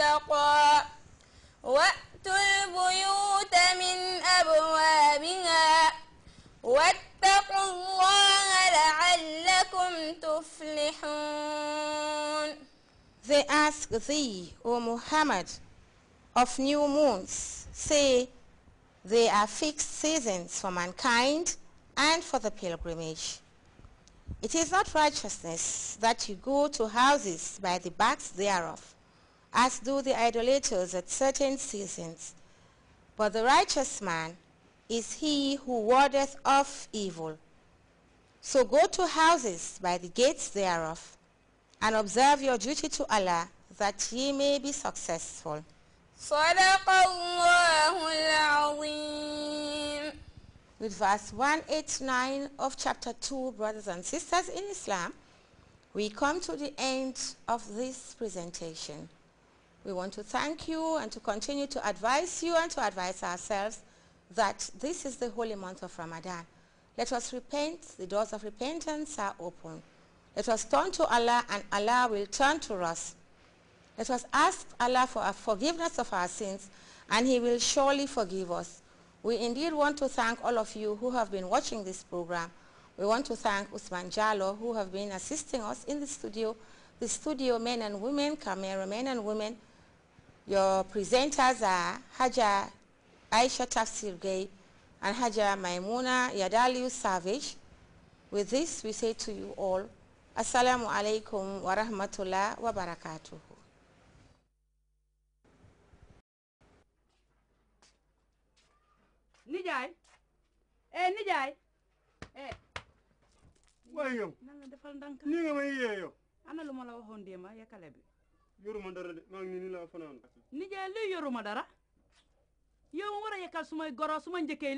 وأتوا البيوت من أبوابها واتقوا الله لعلكم تفلحون They ask thee, O Muhammad, of new moons, say, they are fixed seasons for mankind and for the pilgrimage. It is not righteousness that you go to houses by the backs thereof, as do the idolaters at certain seasons. But the righteous man is he who wardeth off evil. So go to houses by the gates thereof, and observe your duty to Allah, that ye may be successful. With verse 189 of chapter 2, brothers and sisters in Islam, we come to the end of this presentation. We want to thank you and to continue to advise you and to advise ourselves that this is the holy month of Ramadan. Let us repent. The doors of repentance are open. Let us turn to Allah and Allah will turn to us. Let us ask Allah for forgiveness of our sins and he will surely forgive us. We indeed want to thank all of you who have been watching this program. We want to thank Usman Jalo who have been assisting us in the studio, the studio men and women, cameramen and women, your presenters are Haja Aisha Tafsirgay and Haja Maimuna Yadaliu Savage. With this, we say to you all, Assalamu alaikum wa rahmatullah wa barakatuh. nijaay eh nijaay eh waaye yow nan la defal ndànk ni nga may yee ana lu ma la waxoon déema yakale bi yoruma dara de maa ngi nii laa fanaan nijaay luy yoruma dara yow ma war a yekkal sumay goro suma njëkkee